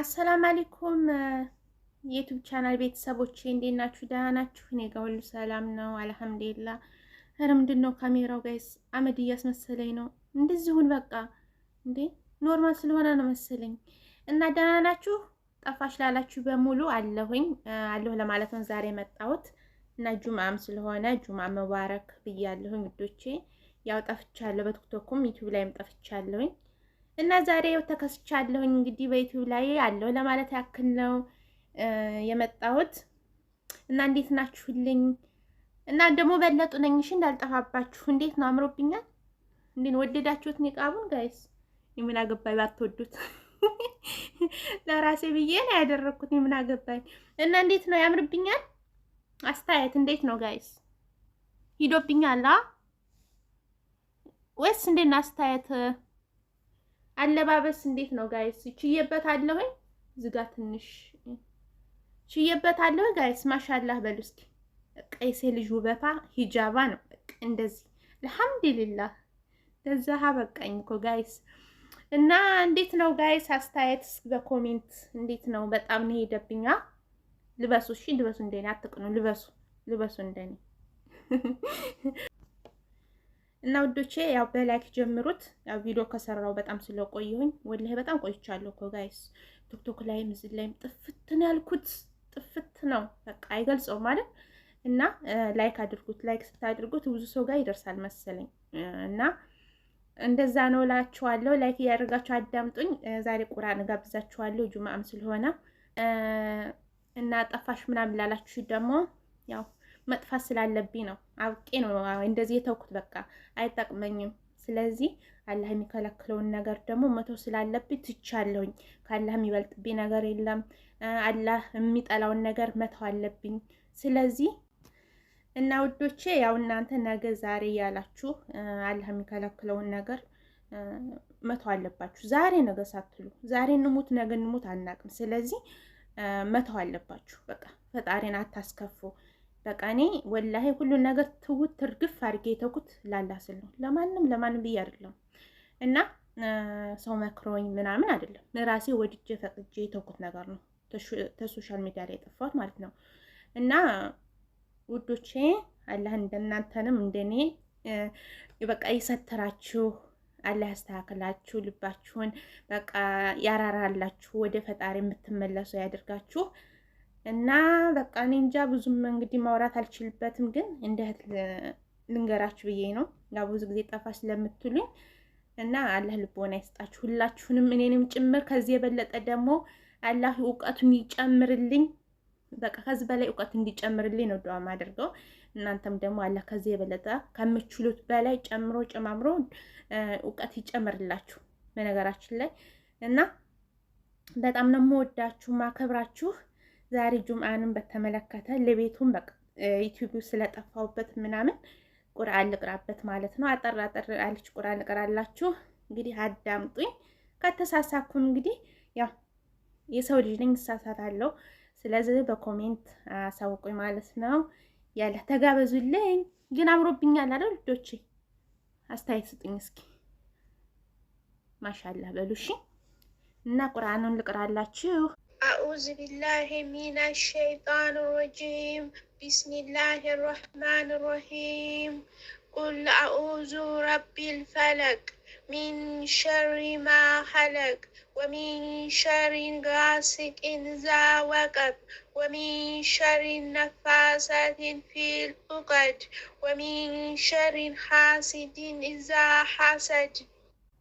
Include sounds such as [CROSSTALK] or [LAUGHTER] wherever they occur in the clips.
አሰላም አለይኩም የዩቱብ ቻናል ቤተሰቦቼ እንዴት ናችሁ? ደህና ናችሁ? እኔ ጋር ሁሉ ሰላም ነው አልሐምዱሊላህ። ኧረ ምንድን ነው ካሜራው ጋይስ አመድ እያስመሰለኝ ነው። እንደዚሁን በቃ እንዴ ኖርማል ስለሆነ ነው መሰለኝ። እና ደህና ናችሁ? ጠፋሽ ላላችሁ በሙሉ አለሁኝ አለሁ ለማለት ነው ዛሬ የመጣሁት እና ጁምአም ስለሆነ ጁምአ መባረክ ብያለሁኝ ውዶቼ። ያው ጠፍቻለሁ፣ በቲክቶኩም ዩቱብ ላይም ጠፍቻለሁኝ እና ዛሬ ያው ተከስቻለሁኝ እንግዲህ በዩቲዩብ ላይ አለው ለማለት ያክል ነው የመጣሁት። እና እንዴት ናችሁልኝ? እና ደግሞ በለጡ ነኝ። እሺ እንዳልጠፋባችሁ። እንዴት ነው አምሮብኛል? እንዴት ወደዳችሁት? ኒቃቡን ጋይስ የምን አገባኝ ባትወዱት [LAUGHS] ለራሴ ብዬ ነው ያደረኩት። የምን አገባኝ። እና እንዴት ነው ያምርብኛል? አስተያየት እንዴት ነው ጋይስ? ሂዶብኛል ወይስ እንዴት ነው አስተያየት አለባበስ እንዴት ነው ጋይስ? ወይ? ዝጋ ትንሽ ችዬበታለሁ ጋይስ። ማሻላህ በሉ እስኪ። ቀይሴ ልጅ ውበታ ሂጃባ ነው በቃ እንደዚህ። አልሐምዱሊላህ ለዛ በቃኝ እኮ ጋይስ። እና እንዴት ነው ጋይስ? አስተያየትስ በኮሜንት እንዴት ነው? በጣም ነው ሄደብኛ። ልበሱ፣ እሺ ልበሱ፣ እንደኔ አትቅኑ፣ ልበሱ፣ ልበሱ እንደኔ እና ውዶቼ ያው በላይክ ጀምሩት። ያው ቪዲዮ ከሰራው በጣም ስለቆየሁኝ ወላሂ በጣም ቆይቻለሁ እኮ ጋይስ። ቲክቶክ ላይም እዚህ ላይም ጥፍት ነው ያልኩት፣ ጥፍት ነው በቃ አይገልጸው ማለት እና ላይክ አድርጉት። ላይክ ስታድርጉት ብዙ ሰው ጋር ይደርሳል መሰለኝ እና እንደዛ ነው እላችኋለሁ። ላይክ እያደረጋችሁ አዳምጡኝ። ዛሬ ቁርአን ጋብዛችኋለሁ ጁማም ስለሆነ እና ጠፋሽ ምናምን ላላችሁ ደግሞ ያው መጥፋት ስላለብኝ ነው። አውቄ ነው እንደዚህ የተውኩት። በቃ አይጠቅመኝም። ስለዚህ አላህ የሚከለክለውን ነገር ደግሞ መተው ስላለብኝ ትቻለሁኝ። ከአላህ የሚበልጥብኝ ነገር የለም። አላህ የሚጠላውን ነገር መተው አለብኝ። ስለዚህ እና ውዶቼ ያው እናንተ ነገ ዛሬ ያላችሁ አላህ የሚከለክለውን ነገር መተው አለባችሁ። ዛሬ ነገ ሳትሉ ዛሬ እንሙት ነገ እንሙት አናቅም። ስለዚህ መተው አለባችሁ። በቃ ፈጣሪን አታስከፉ። በቃ እኔ ወላሂ ሁሉን ነገር ትውት ትርግፍ አድርጌ የተውኩት ላላ ስል ነው። ለማንም ለማንም ብዬ አይደለም እና ሰው መክሮኝ ምናምን አይደለም። ራሴ ወድጄ ፈቅጄ የተውኩት ነገር ነው ተሶሻል ሚዲያ ላይ የጠፋሁት ማለት ነው። እና ውዶቼ አላህ እንደናንተንም እንደኔ በቃ ይሰትራችሁ፣ አላህ ያስተካክላችሁ፣ ልባችሁን በቃ ያራራላችሁ፣ ወደ ፈጣሪ የምትመለሱ ያደርጋችሁ። እና በቃ እኔ እንጃ ብዙም እንግዲህ ማውራት አልችልበትም፣ ግን እንደ እህት ልንገራችሁ ብዬ ነው። ያው ብዙ ጊዜ ጠፋ ስለምትሉኝ እና አላህ ልቦና ይስጣችሁ ሁላችሁንም፣ እኔንም ጭምር። ከዚህ የበለጠ ደግሞ አላህ እውቀቱን ይጨምርልኝ። በቃ ከዚህ በላይ እውቀት እንዲጨምርልኝ ነው ደዋ አድርገው። እናንተም ደግሞ አላህ ከዚህ የበለጠ ከምችሉት በላይ ጨምሮ ጨማምሮ እውቀት ይጨምርላችሁ። በነገራችን ላይ እና በጣም ነው የምወዳችሁ ማከብራችሁ ዛሬ ጁምአንን በተመለከተ ለቤቱም በቃ ዩቲዩብ ስለጠፋውበት ምናምን ቁርአን ልቅራበት ማለት ነው። አጠር አጠር አለች ቁርአን ልቅራላችሁ። እንግዲህ አዳምጡኝ። ከተሳሳኩም እንግዲህ ያው የሰው ልጅ ነኝ እሳሳታለሁ። ስለዚህ በኮሜንት አሳውቁኝ ማለት ነው። ያለ ተጋበዙልኝ። ግን አምሮብኛል አይደል ልጆቼ? አስተያየት ስጡኝ እስኪ ማሻላ በሉሽ እና ቁርአኑን ልቅራላችሁ። أعوذ بالله من الشيطان الرجيم بسم الله الرحمن الرحيم قل أعوذ رب الفلق من شر ما خلق ومن شر غاسق إذا وقب ومن شر نفاسات في الأقد ومن شر حاسد إذا حسد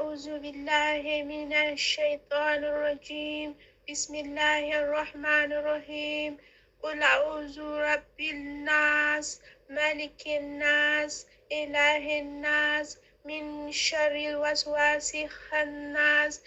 أعوذ بالله من الشيطان الرجيم بسم الله الرحمن الرحيم قل أعوذ رب الناس ملك الناس إله الناس من شر الوسواس الناس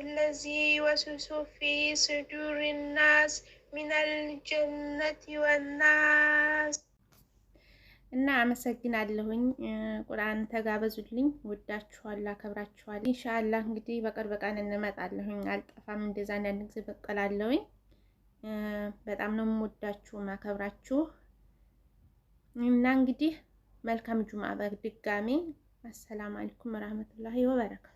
الذي يوسوس في صدور الناس من الجنة والناس እና አመሰግናለሁኝ። ቁርአን ተጋበዙልኝ። ወዳችኋል፣ አከብራችኋል። ኢንሻአላህ እንግዲህ በቅርብ ቀን እንመጣለሁኝ። አልጠፋም፣ እንደዛ አንዳንድ ጊዜ በቀላለሁኝ። በጣም ነው የምወዳችሁ ማከብራችሁ። እና እንግዲህ መልካም ጁምአ በድጋሜ። አሰላሙ አለይኩም ወራህመቱላሂ ወበረካቱ